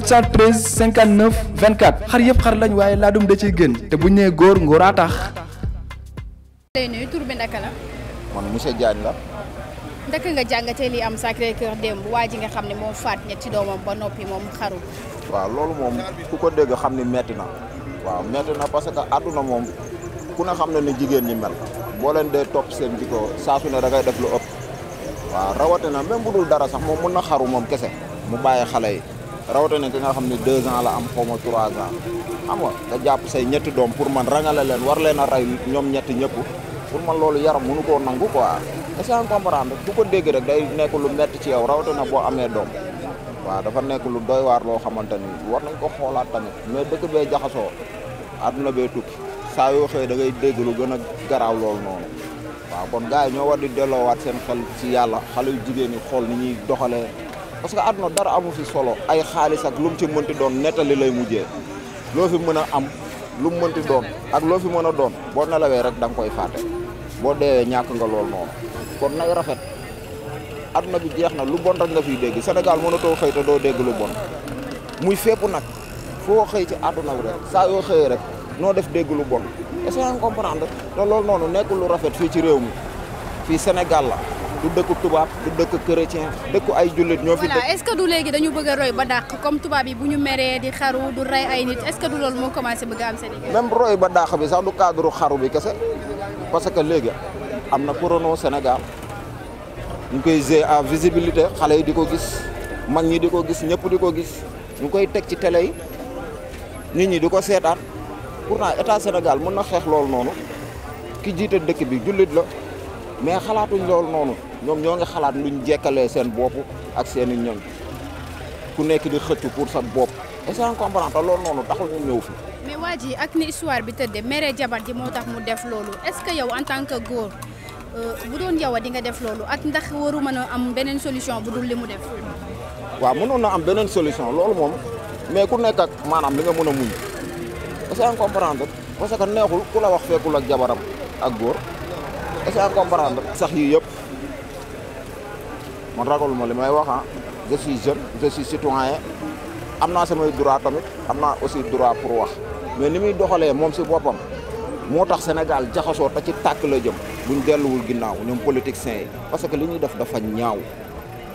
713 59 24 xar yëpp xar lañ waaye laadum da ciy gën te bu ñu nee góor ngóoraa tax. lay nuyu tur bi naka la. man monsieur Diagne la. ndaka nga jàngatee li am Sacré-Cœur démb waa ji nga xam ne moom faat ñetti doomam ba noppi moom xaru. waaw loolu moom ku ko dégg xam ni metti waa waaw metti na parce que àdduna moom ku ne xam na ni jigéen ñi mel boo leen dee topp seen jikko saa su ne dangay def lu ëpp. waaw rawatina même bu dul dara sax moom mun na xaru moom kese mu bàyyi xale yi. ne ki nga xam ne deux ans la am xaw ma trois ans xam nga jàpp say ñetti doom pour man rangale leen war leen a rey ñoom ñetti ñëpp pour man loolu yaram mënu koo nangu quoi est-ce que comprendre bu ko dégg rek day nekk lu metti ci yow na boo amee doom waaw dafa nekk lu doy waar loo xamante ni war nañ ko xoolaat tamit mais dëkk bee jaxasoo àdduna bee tukki saa yoo xëy da ngay dégg lu gën a garaaw loolu noonu waaw kon gars ñoo war di delloowaat seen xel ci yàlla xale jigéen ñi xool ni ñuy doxalee parce que àdduna dara amu fi solo ay xaalis ak lu mu ci mënti doon nettali lay mujjee loo fi mën a am lu mënti doon ak loo fi mën a doon boo nelawee rek da koy fàtte boo deewee ñàkk nga lool noonu kon nay rafet àdduna bi jeex na lu bon rek nga fiy dégg Sénégal mënatoo xëy te doo dégg lu bon muy fépp nag foo xëy ci àdduna bi rek saa yoo xëyee rek noo def dégg lu bon est-ce que comprendre te loolu noonu nekkul lu rafet fii ci réew mi fii Sénégal du dëkk tubaab du dëkku chrétien dëkku ay jullit ñoo fi est-ce que du léegi dañu bëgg a roy ba dàq comme tubaab yi bu ñu meree di xaru du rey ay nit est-ce que du loolu moo commencé bëgg am Sénégal. même roy ba dàq bi sax du parce que léegi am na corona Sénégal ñu koy g à visibilité xale yi di ko gis mag ñi di ko gis ñëpp di ko gis ñu koy teg ci télé yi nit ñi di ko seetaan pourtant état Sénégal mun na xeex loolu noonu ki jiite dëkk bi jullit la. mais xalaatuñ loolu noonu ñoom ñoo ngi xalaat luñ jekkalee seen bopp ak seen i ñoñ ku nekk di xëccu pour sa bopp est ce que comprendre loolu noonu taxul ñu ñëw fi. mais waa ji ak ni histoire bi tëddee mere jabar ji moo tax mu def loolu est ce que yow en tant que góor euh, bu doon yow a di nga def loolu ak ndax waru mën a am beneen solution bu dul li mu def. waaw mënoon na am beneen solution loolu moom mais ku nekk ak maanaam li nga mën a muñ est ce que comprendre parce que neexul ku la wax fekkul ak jabaram ak góor. est-ce que comprendre sax yii yëpp man ragaluma li may wax ah je suis jeune je suis am naa samay droit tamit am naa aussi droit pour wax mais ni muy doxalee moom si boppam moo tax Sénégal jaxasoo te ci tàkk la jëm buñ delluwul ginnaaw ñoom politiciens yi parce que li ñuy def dafa ñaaw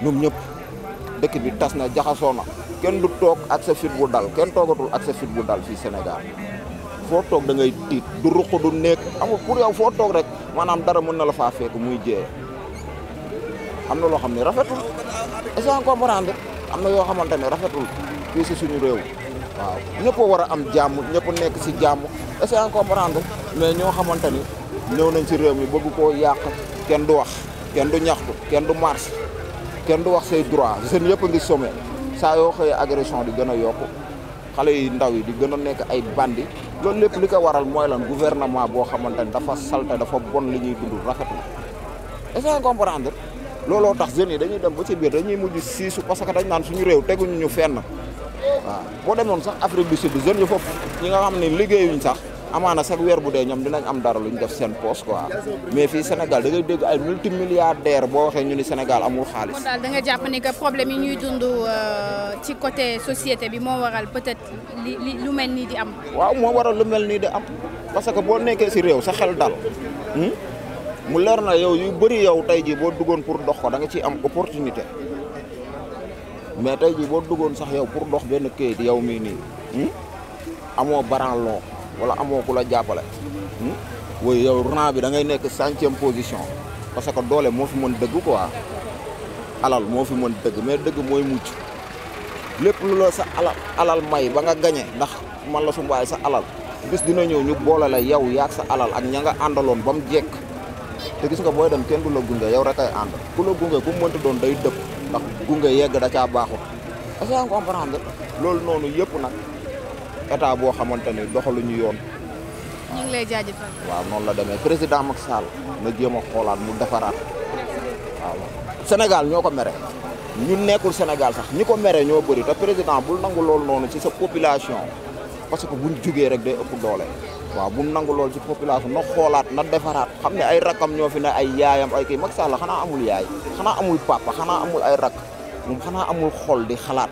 ñoom ñëpp dëkk bi tas na jaxasoo na kenn lu toog ak sa fit bu dal kenn toogatul ak sa fit bu dal fii Sénégal foo toog da ngay tiit du ruq du nekk amul pour yow foo toog rek maanaam dara mën na la faa fekk muy jee am na loo xam ne rafetul est-ce comprendre am na yoo xamante ne rafetul fii si suñu réew waaw ñëpp war a am jàmm ñëpp nekk si jàmm est-ce comprendre mais ñoo xamante ni ñëw nañ si réew mi bëgg koo yàq kenn du wax kenn du ñaxtu kenn du marche kenn du wax say droit jeunes yëpp ngi sommet saa yoo xëyee agression di gën a yokku xale yi ndaw yi di gën a nekk ay bandi loolu lépp li ko waral mooy lan gouvernement boo xamante ni dafa salte dafa bon li ñuy dund rafetul est-ce comprendre looloo tax jeunes yi dañuy dem ba ci biir dañuy mujj siisu parce que dañ naan suñu réew teguñu ñu fenn waaw boo demoon sax Afrique du Sud jeunes yu foofu ñi nga xam ne liggéeyuñ sax amaana sax weer bu dee ñoom dinañ am dara luñ def seen poche quoi mais fii Sénégal da ngay dégg ay multimilliardaire boo waxee ñu ni Sénégal amul xaalis. kon daal ni que problème yi ñuy dund euh, ci côté société bi moo waral peut-être li lu mel nii di am. waaw moo waral lu mel nii di am parce que boo nekkee si réew sa xel dal. Hmm? mu leer na yow yu bëri yow tey jii boo duggoon pour dox ko danga nga ciy am opportunité mais tey ji boo duggoon sax yow pour dox benn kayit yow mii nii hmm? amoo baran wala amoo ku la jàppale. Hmm? woy yow rang bi da ngay nekk cinquième position parce que doole moo fi mën dëgg ko alal moo fi mën dëgg mais dëgg mooy mucc lépp lu la sa alal alal may ba nga gañe ndax man la su mbaay sa alal bis dina ñëw ñu boole la yow yaag sa alal ak ña nga àndaloon ba mu jekk te gis nga booy dem kenn du la gunge yow rek ay ànd ku la gunge ku mënta doon day dëpp ndax gunge yegg da caa baaxut comprendre loolu noonu yëpp nag état boo xamante ni doxaluñu yoon. ñu ngi lay jaajëfal. waaw noonu la demee président Macky saal na jéem a xoolaat mu defaraat waaw ñoo ko mere ñu nekkul Sénégal sax ñi ko mere ñoo bëri te président bul nangu loolu noonu ci sa population parce que buñ jugee rek day ëpp doole. waaw bu nangu lool ci population na xoolaat na defaraat xam ne ay rakkam ñoo fi ne ay yaayam ay kii Macky Sall xanaa amul yaay xanaa amul papa xanaa amul ay rakk moom xanaa amul xool di xalaat.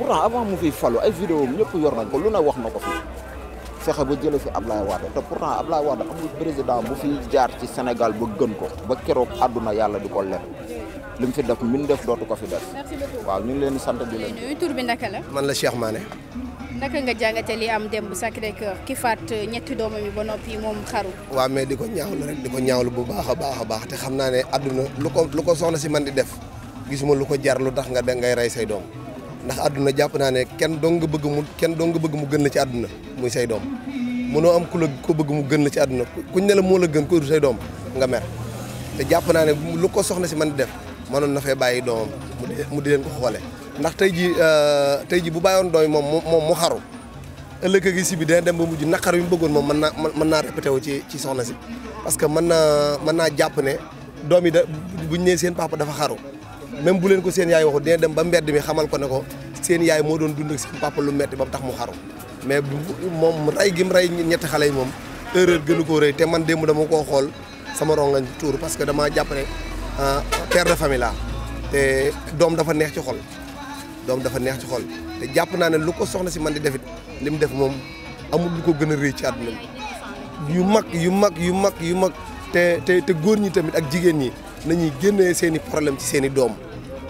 pourtant avant mu fiy falu ay vidéo am ñëpp yor nañ ko lu ne wax na ko fi fexe ba jële fi Ablaye Wade te pourtant Ablaye Wade amul président bu fi jaar ci Sénégal ba gën ko ba keroog àdduna yàlla di ko leb li mu fi def min def dootu ko fi def. waaw ñu ngi leen di sant di leen. nuyu tur bi naka la. man la Cheikh Mané. naka nga jàngate li am démb Sacré-Cœur ki faat ñetti doomam yi ba noppi moom xaru. waaw mais di ko ñaawlu rek di ko ñaawlu bu baax a baax a baax te xam naa ne àdduna lu ko lu ko soxna si man di def gisuma lu ko jar lu tax nga de ngay rey say doom. ndax àdduna jàpp naa ne kenn dong nga bëgg mu kenn dong nga bëgg mu gën la ci àdduna muy say doom mënoo am ku la ko bëgg mu gën la ci àdduna kuñ ne la moo la gën ko du doom nga mer te jàpp naa ne lu ko soxna si man di def mënoon na fee bàyyi doomam mu di leen ko xoole ndax tey ji euh, tey ji bu bàyyoon doom moom moom mu xaru ëllëg gi si bi dina dem ba mujj naqar yu mu bëggoon moom mën naa mën naa répété wu ci ci soxna si parce que mën naa mën naa jàpp ne doom yi da buñ ne seen papa dafa xaru même bu leen ko seen yaay waxu dina dem ba mbedd mi xamal ko ne ko seen yaay moo doon dund ak seen papa lu metti ba mu tax mu xaru mais moom rey gi mu rey ñetti xale yi moom erreur gënu koo rëy te man démb dama koo xool sama rongañ tuur parce que damaa jàpp ne ah, père de famille laa doom dafa neex ci xol doom dafa neex ci xol te jàpp naa ne lu ko soxna si man di defit li mu def moom amul lu ko gën a rëy ci àdduna yu mag yu mag yu mag yu mag te te te góor ñi tamit ak jigéen ñi nañuy génnee seeni problème ci seen i doom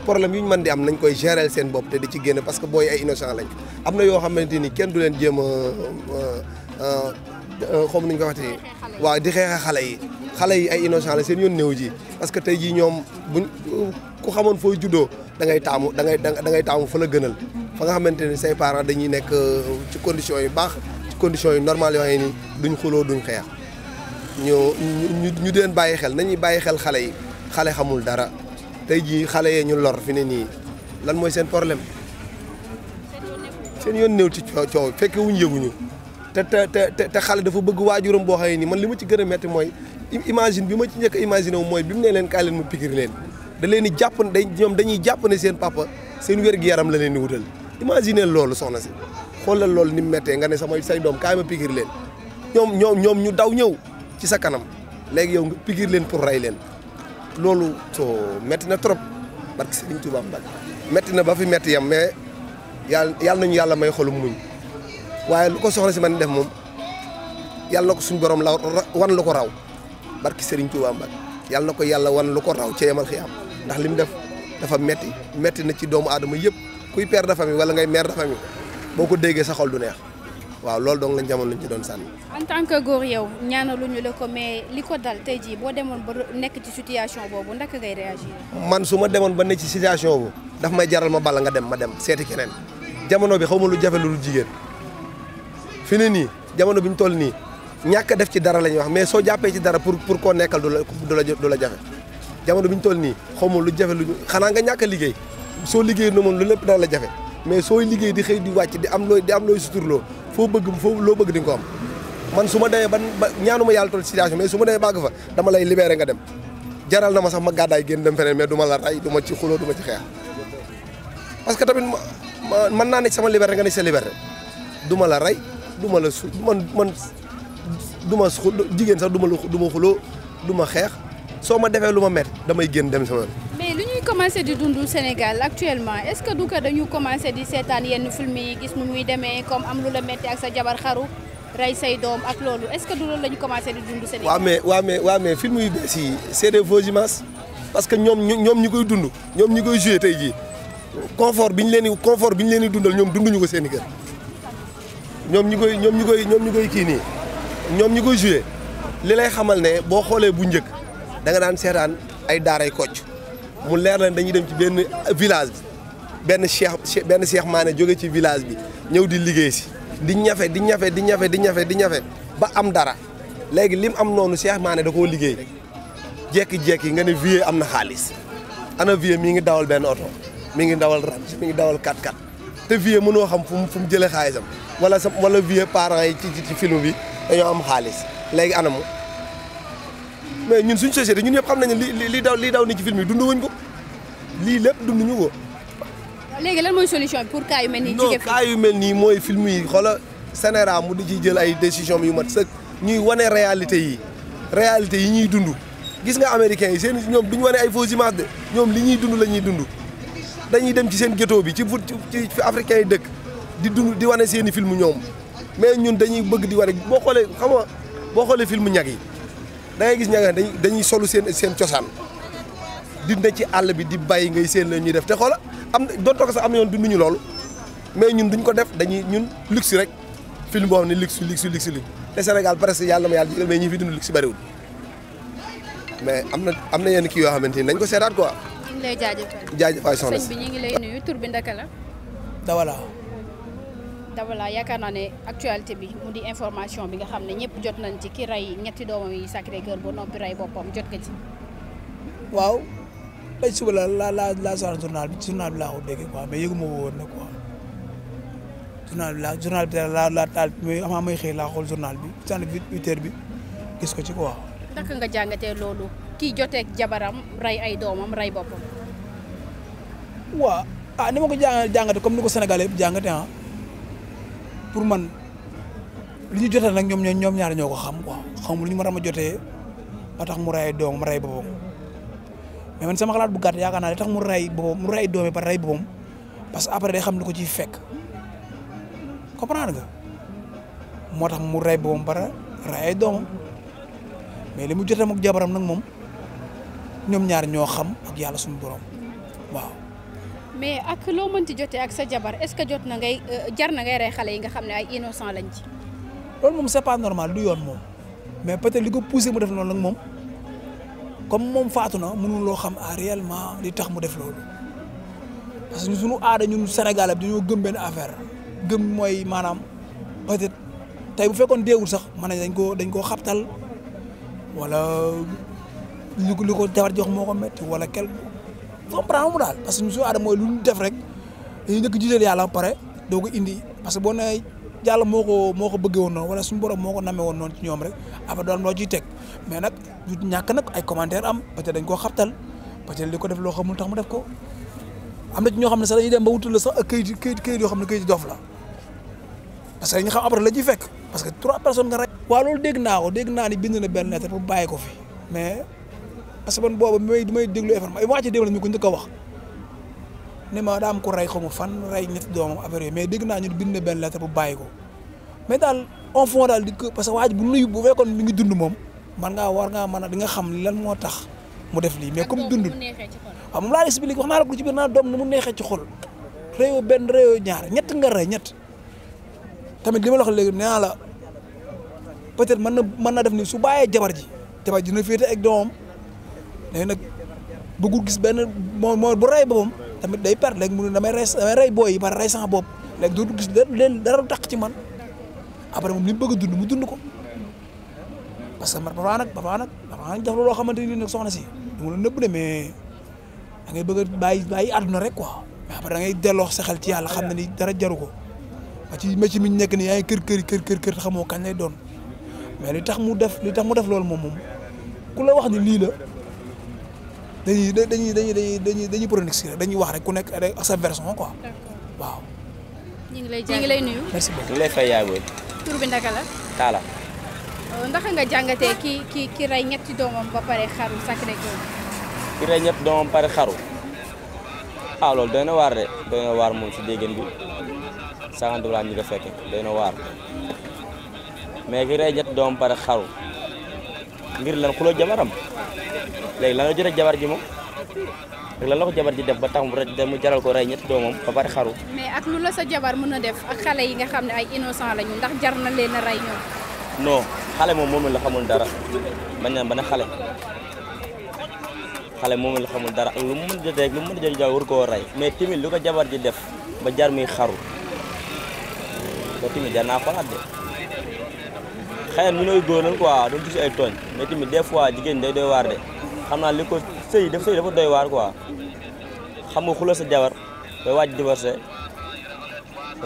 problème yu ñu mën di am nañ koy gérer seen bopp te di ci génne parce que booy ay innocent lañ am na yoo xamante ni kenn du leen jéem a euh, euh, ni ñu ko waxatee waaw di xeex xale yi xale yi ay innocent la seen yoon néew ji parce que tey jii ñoom buñ ku xamoon fooy juddoo da ngay taamu da ngay da ngay taamu fa la gënal fa nga xamante ni say parents dañuy euh, ci condition yu baax ci condition yu normal yoo duñ xuloo duñ xeex ñu ñu ñu di bàyyi xel nañuy bàyyi xel xale yi. xale xamul dara tey jii xale yee ñu lor fi ne nii lan mooy seen problème seen yoon néew ci coow coow fekke ñu yëguñu te te te te xale dafa bëgg waajuram boo xëyee nii man li ma ci gën a metti mooy imagine bi ma ci njëkk a imaginer wu mooy bi mu ne leen kaay leen mu pikir leen da leen di jàpp ne ñoom dañuy jàpp seen papa seen wér gi yaram la leen di wutal imaginer loolu soxna si xoolal loolu ni mu méttee nga ne samay say doom kaay ma pikir leen ñoom ñoom ñoom ñu daw ñëw ci sa kanam léegi yow nga pikir leen pour rey leen loolu soo metti na trop barke Serigne Touba Mbacke metti na ba fi metti yam mais yàlla yàlla nañu yàlla may xolum muñ waaye lu ko soxla si man def moom yàlla na ko suñ borom la wan lu ko raw barke Serigne Touba Mbacke yàlla na ko yàlla wan lu ko raw ca yemal am ndax li mu def dafa metti metti na ci doomu aadama yëpp kuy père dafa mi wala ngay mère de famille boo ko déggee sa xol du neex. waaw loolu dong lañ jamono lañ ci doon sànni. en tant que góor yow ñaanaluñu la ko mais li ko dal tey jii boo demoon ba nekk ci situation boobu ndaka ngay réagir. man su ma demoon ba nekk ci situation bu daf may jaral ma bala nga dem ma dem seeti keneen jamono bi xaw ma lu jafe lu dul jigéen fi ne nii jamono bi ñu toll nii ñàkk def ci dara la ñuy wax mais soo jàppee ci dara pour pour koo nekkal du la du la jafe jamono bi ñu toll nii xaw ma lu jafe lu xanaa nga ñàkk liggéey soo liggéey noonu lu lépp dara la jafe. mais sooy liggéey di xëy di wàcc di am looy di am looy suturloo foo bëgg foo loo bëgg di ko am man su ma demee ban ba ñaanu ma yàlla toll situation mais su ma demee bàgg fa dama lay nga dem jaral na ma sax ma gàddaay génn dem feneen mais du ma la rey du ma ci xuloo du ma parce que tamit man naa ne sama liberté nga ne sa du ma la rey du ma la su man man du jigéen sax du ma la du ma xuloo du ma xeex soo ma defee lu ma met damay génn dem sama yoon ñuy commencé di dund Sénégal actuellement est-ce que du ko dañu commencé di seetaan yenn film yi gis nu muy demee comme am lu la metti ak sa jabar xaru rey say doom ak loolu est-ce que du loolu la commencé di dund Sénégal. waaw mais waaw mais waaw mais film yu bees yi c'est des parce que ñoom ñoom ñu koy dund ñoom ñu koy joué tey jii confort bi ñu leen di confort bi ñu leen di dundal ñoom dunduñu ko seen i ñoom ñu koy ñoom ñu koy ñoom ñu koy kii nii ñoom ñu koy joué li lay xamal ne boo xoolee bu njëkk da nga daan seetaan ay daaray kocc mu leer na dañuy dem ci benn village bi benn cheikh benn cheikh maane jóge ci village bi ñëw di liggéey si di ñafe di ñafe di ñafe di ñafe di ñafe ba am dara léegi lim am noonu cheikh maane da koo liggéey jekki-jekki nga ne vieux am na xaalis ana vieux mi ngi dawal benn oto mu ngi dawal range mi ngi dawal 4x4 te vieux mënoo xam fu mu fu mu jëlee xaalisam wala sa wala vieux parents yi ci ci film bi dañoo am xaalis léegi anamu mais ñun suñu société ñun ñëpp xam nañu li li daw li daw ni ci film yi dund wuñ ko lii lépp dund ñu ko. léegi lan mooy solution pour cas yu mel nii. non cas yu mel nii mooy film yi xoola Sénégal mu di ci jël ay décision yu mat sëkk ñuy wane réalité yi réalité yi ñuy dund gis nga américains yi seen ñoom duñu wane ay fausses images de ñoom li ñuy dund la ñuy dund dañuy dem ci seen ghetto bi ci ci fi africains yi dëkk di dund di wane seen i film ñoom mais ñun dañuy bëgg di wane boo xoolee xam nga boo xoolee film ñag yi. da ngay gis ña nga dañuy solu seen seen cosaan dina ci àll bi di bàyyi ngay seen la ñuy def te xoola am na donte ko sax am na yoon dunduñu loolu mais ñun duñ ko def dañuy ñun luxe rek film boo xam ne luxe luxe luxe luxe te Sénégal presque yàlla ma yàlla jigal mais ñi fi dund luxe bariwul mais am na am na yenn kii yoo xamante ni nañ ko seetaat quoi. ñu ngi lay jaajëfal. jaajëfal bi ñu ngi lay nuyu tur bi ndaka la. Dawala. Dabala yaakaar naa ne actualité bi mu di information bi nga xam ne ñëpp jot nañ ci ki rey ñetti doomam yi Sacré-Cœur ba noppi rey boppam jot nga ci. waaw tey la la la la journal bi journal bi laa ko déggee quoi mais yëgu ma woon na quoi journal laa journal bi la la taal mais avant may xëy laa xool bi sànni bi huit bi gis ko ci quoi. naka jàngatee loolu kii joteeg jabaram ray ay doomam rey boppam. waaw a ah ni ma ko jàngatee comme ni ko Sénégalais yëpp jàngatee ah. pour man li ñu jotee nag ñoom ñoom ñaar ñoo ko xam quoi xamul lu ñu mën ma jotee ba tax mu ray doom mu ray boppam mais man sama bu gàtt yaakaar naa tax mu ray boppam mu ray doom ba ray boppam parce que après day xam lu ko ciy fekk comprendre nga moo tax mu ray boppam ba ray ay doom mais li mu jotee ak jabaram nag moom ñoom ñaar ñoo xam ak yàlla suñu borom waaw. mais ak loo mënti jotee ak sa jabar est-ce que jot na ngay euh, jar na ngay xale yi nga xam ne ay innocent lañ ci. loolu moom c'est pas normal du yoon moom mais peut-être li ko poussé mu def noonu nag moom comme moom faatu na loo xam ah réellement li tax mu def loolu parce que suñu aada ñun Sénégal dañoo gëm benn affaire gëm mooy maanaam peut-être tey bu fekkoon deewul sax man dañ koo dañ koo xabtal wala li ko ko jabar jox moo ko métti wala quelque. comprendre mu daal parce que ñu suñu aada mooy lu ñu def rek dañuy njëkk jiital yàlla pare doo indi parce que boo nee yàlla moo ko moo ko bëggee woon noonu wala suñu borom moo ko namee woon noonu ci ñoom rek après doon loo ciy teg mais nag du ñàkk nag ay commentaire am peut-être ko def loo xamul tax mu def ko ñoo xam ne sax dañuy dem ba wutal la sax ak këyit këyit këyit yoo xam ne këyit dof la parce que dañu xam après la ciy fekk parce que trois personnes nga rek. loolu dégg naa ko dégg naa ni bind na benn lettre pour bàyyi ko fi mais parce que man boobu may may déglu information waa ci démb la ñu ko njëkk a wax ne ma daa am ko rey xaw ma fan rey ñetti doomam affaire yooyu mais dégg naa ñu bind benn lettre bu bàyyi ko mais daal en fond daal di ko parce que waa ji bu nuyu bu fekkoon mi ngi dund moom man ngaa war ngaa mën a di nga xam lan moo tax mu def lii mais comme dundul waaw moom laa expliqué wax naa la ko ci biir naa doom nu mu neexee ci xol réew benn réew ñaar ñett nga rey ñett tamit li ma la wax léegi nee naa la peut-être mën na mën na def ni su bàyyee jabar ji jabar ji dina féete ak doomam léegi nag bëggul gis benn moo moo bu rey boppam tamit day perte léegi mu ne damay rey damay rey booy yi ba rey sama bopp léegi dootul gis leen dara tax ci man après moom li mu bëgg a dund mu dund ko parce que man Papa nag Papa nag Papa nag def loo xamante ni nag soxna si mu la nëbb de mais da ngay bëgg a bàyyi bàyyi àdduna rek quoi mais après da ngay delloo sa xel ci yàlla xam ne ni dara jaru ko ba ci métier mi ñu nekk ni yaa ngi kër kër kër kër kër xamoo kañ lay doon mais li tax mu def li tax mu def loolu moom moom ku la wax ni lii la. dañuy dañuy dañuy dañuy dañuy pronostiquer dañuy wax rek ku nekk rek ak sa version quoi. waaw. ñu ngi lay ñu ngi lay nuyu. merci beaucoup ngi lay fay yaay booy. tur bi naka la. Talla. Euh, ndax nga jàngatee ki ki ki rey ñetti doomam ba pare xaru Sacré Cœur. ki rey ñetti doomam pare xaru. ah loolu doy na waar de doy na waar moom si déggin bi cinquante dollars ñi nga fekke doy na waar mais ki rey ñetti doomam pare xaru ngir lan xuloo jamaram léegi la nga jot a jabar ji moom ak lan la ko jabar ji def ba tax mu jaral ko rey ñetti doomam ba bari xaru. mais ak lu la sa jabar mën a def ak xale yi nga xam ne ay innocent lañu ndax jar na leen a rey ñoom. non xale moom moomu la xamul dara bañ na ba ne xale xale moomu la xamul dara ak lu mu mën a jotee lu mu mën a jot jabar war koo rey mais tamit lu ko jabar ji def ba jar muy xaru ba tamit jar naa xalaat de. xëy na ñu nooy góor lan quoi doon gis ay tooñ mais tamit des fois jigéen ñi day doy waar de xam naa li ko sëy dafa sëy dafa doy waar quoi xam nga xulal sa jabar day waaj divorcé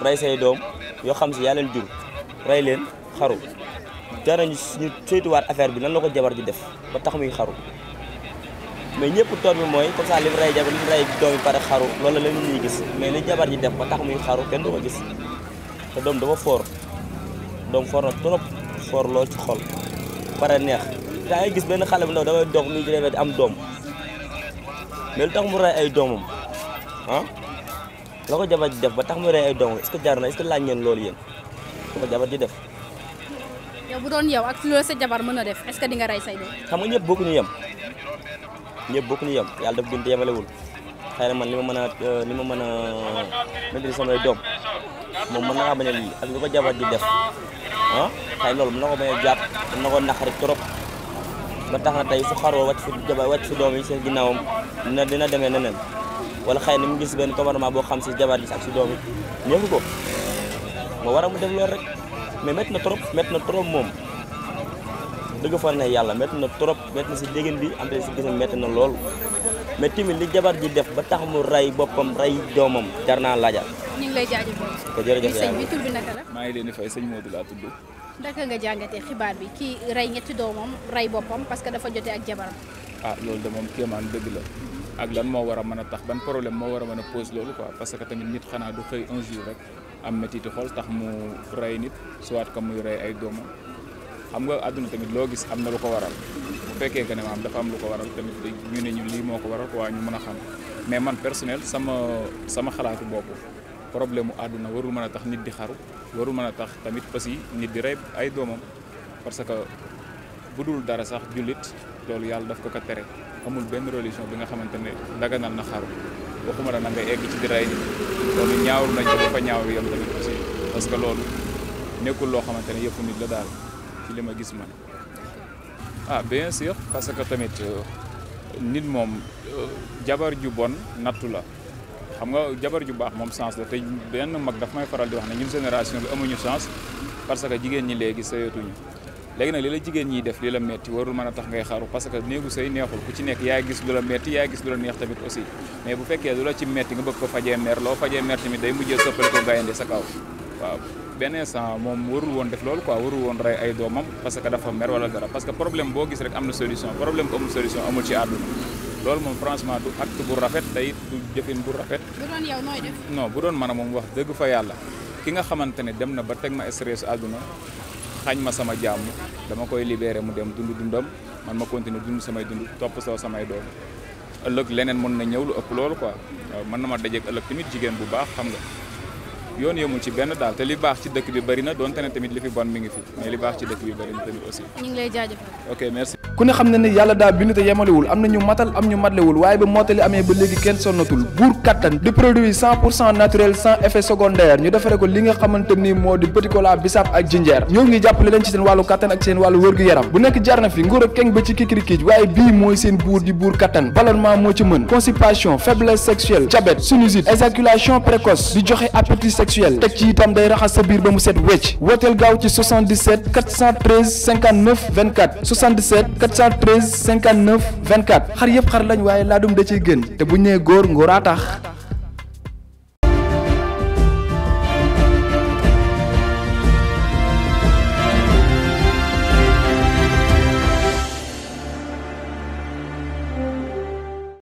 rey say doom yoo xam si yaa leen leen xaru dara ñu saytuwaat affaire bi nan la ko jabar ji def ba tax muy xaru mais ñëpp tool mooy comme ça li mu rey jabar li mais li jabar ji def ba tax muy xaru kenn du ko gis te doom dafa foor doom foor na trop foor lool ci xol pare neex daa ngay gis benn xale bu ndaw dafay dox muy am doom mais lu tax mu rey ay doomam ah la ko jabar ji def ba tax mu rey ay doomam est loolu yéen su ji def. yow bu doon yow ak loolu jabar mën na def est-ce que di nga rey say doom. xam nga ñëpp bokkuñu yem ñëpp bokkuñu yem yàlla daf bind yemalewul na man li mën a ma mën a maîtriser samay doom mën bañ a lii ak lu ko jabar di def. ah tey loolu mën na ko bañ jàpp mën na ko naqari trop nga tax na tey fu xaroo wàcc fi jabar wàcc fi doom yi seen ginnaawam dina dina demee neneen wala xëy na mu gis benn comportement boo xam si jabar yi sax si doom yi ñëw ko moo war a mu def loolu rek mais métti na trop métti na trop moom. dëgg fa na yàlla métti na trop métti na si déggin bi am si gis métti na lool mais tamit li jabar ji def ba tax mu rey boppam rey doomam jar naa laajaat. ñu jërëjëf sëñ maa ngi leen di fay sëñ Modou laa tudd. naka nga jàngatee xibaar bi kii rey ñetti doomam rey boppam parce que dafa jotee ak jabaram. ah loolu de dëgg la. ak lan moo war a mën a tax ban problème moo war a mën a pose loolu quoi parce que tamit nit xanaa du xëy un jour rek am métti xol tax mu rey nit soit que muy rey ay doomam. xam nga àdduna tamit loo gis am na lu ko waral bu fekkee que ne maam dafa am lu ko waral tamit ñu ne ñu lii moo ko waral waa ñu mën a xam mais man personnel sama sama xalaatu bopp problème mu àdduna warul mën a tax nit di xaru warul mën a tax tamit aussi nit di rey ay doomam parce que bu dul dara sax jullit loolu yàlla daf ko ko tere amul benn religion bi nga xamante ne daganal na xaru waxuma la na ngay egg ci di rey nit loolu ñaawul nañ ko ba ñaaw yam tamit aussi parce que loolu nekkul loo xamante ne yëpp nit la daal ci li ma gis man ah bien sûr parce que tamit euh, nit moom euh, jabar ju bon nattu la xam nga jabar ju baax moom chance la te benn mag daf may faral di wax ne génération bi amuñu chance parce que jigéen ñi léegi sëyatuñu léegi nag li la jigéen ñiy def li la metti warul mën a tax ngay xaru parce que néegu sëy neexul ku ci nekk yaa gis lu la metti yaa gis lu la neex tamit aussi mais bu fekkee lu la ci metti nga bëgg ko fajee mer loo fajee mer tamit day mujjee soppali ko gaynde sa kaw waaw beneen instant moom warul woon def loolu quoi warul woon rey ay doomam parce que dafa mer wala dara parce que problème boo gis rek am na solution problème bu amul solution amul ci àdduna loolu moom franchement du acte bu rafet te it du jëfin bu rafet. no bu doon man a moom wax dëgg fa yàlla ki nga xamante ne dem na ba teg ma stress àdduna xaañ ma sama jàmm dama koy libéré mu dem dund dundam man ma continuer dund samay dund topp soo samay doom ëllëg leneen mën na ñëw lu ëpp loolu quoi mën na ma dajeeg ëllëg jigéen bu baax xam nga. yoon yëmul ci benn daal te li baax ci dëkk bi bëri na ne tamit li fi bon mi ngi fi mais li baax ci dëkk bi bëri tamit aussi. ñu ngi lay jaajëfal. ok merci. ku ne xam na ni yàlla daal bind te yemalewul am na ñu matal am ñu matlewul waaye ba mottali amee ba léegi kenn sonnatul buur kattan di produit cent pour cent naturel sans effet li nga xamante ni moo di petit bisaab ak jinjeer ñoo ngi jàppale leen ci seen wàllu kattan ak seen wàllu wërgu yaram bu nekk jarna fi nguur ak keng ba ci kikirikiij sexuelle teg ci itam day raxas sa biir ba mu set wecc wooteel gaaw ci 77 413 59 24 77 413 59 24 xar yëpp xar lañ waaye laadum da ciy gën te bu ñu góor ngóoraa